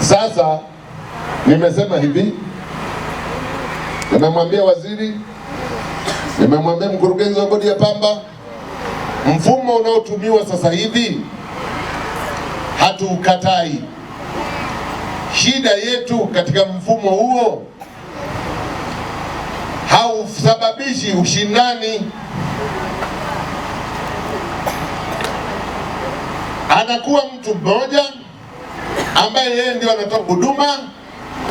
Sasa nimesema hivi, nimemwambia waziri, nimemwambia mkurugenzi wa bodi ya pamba, mfumo unaotumiwa sasa hivi hatuukatai. Shida yetu katika mfumo huo hausababishi ushindani. Anakuwa mtu mmoja ambaye yeye ndio anatoa huduma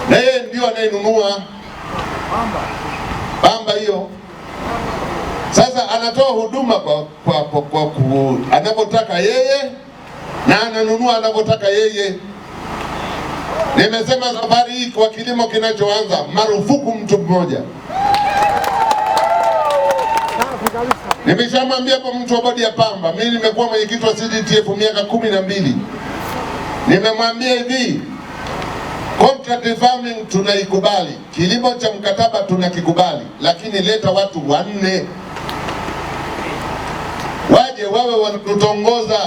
na yeye ndio anayenunua pamba hiyo. Sasa anatoa huduma kwa, kwa, kwa, kwa, anavyotaka yeye na ananunua anavyotaka yeye. Nimesema safari hii kwa kilimo kinachoanza, marufuku mtu mmoja. Nimeshamwambia hapo mtu wa bodi ya pamba, mimi nimekuwa mwenyekiti wa CDTF miaka kumi na mbili. Nimemwambia hivi contract farming tunaikubali, kilimo cha mkataba tunakikubali, lakini leta watu wanne waje wawe wanatutongoza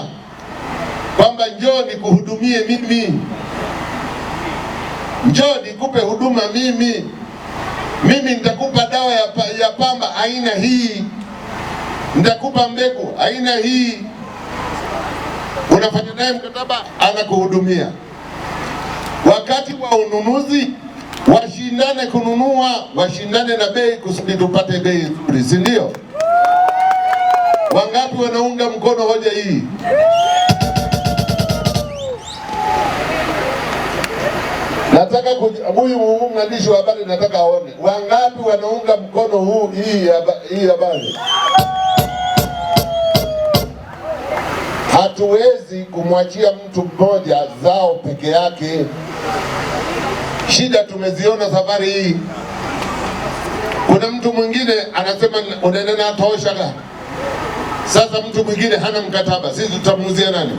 kwamba njoo nikuhudumie mimi, njoo nikupe huduma mimi, mimi nitakupa dawa ya, ya pamba aina hii, nitakupa mbegu aina hii unafanya naye mkataba, anakuhudumia. Wakati wa ununuzi washindane kununua, washindane na bei kusudi tupate bei nzuri, si ndio? Wangapi wanaunga mkono hoja hii? Nataka huyu mwandishi wa habari nataka aone wangapi wanaunga mkono huu hii habari. Hatuwezi kumwachia mtu mmoja zao peke yake. Shida tumeziona safari hii. Kuna mtu mwingine anasema unaendana tosha Sasa mtu mwingine hana mkataba, sisi tutamuuzia nani?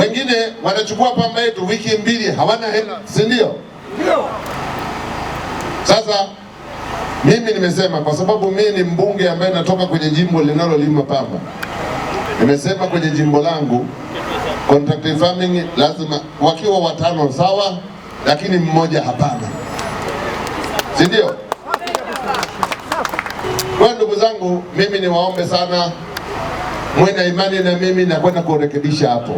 Wengine wanachukua pamba yetu wiki mbili, hawana hela, si ndio? Sasa mimi nimesema kwa sababu mimi ni mbunge ambaye natoka kwenye jimbo linalolima pamba. Nimesema kwenye jimbo langu contract farming lazima wakiwa watano sawa, lakini mmoja hapana, si ndio? Kwa ndugu zangu, mimi niwaombe sana mwe na imani na mimi na kwenda kurekebisha hapo.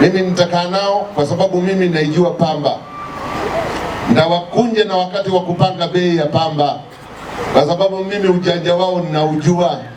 Mimi nitakaa nao kwa sababu mimi naijua pamba, ndawakunja na wakati wa kupanga bei ya pamba, kwa sababu mimi ujanja wao ninaujua.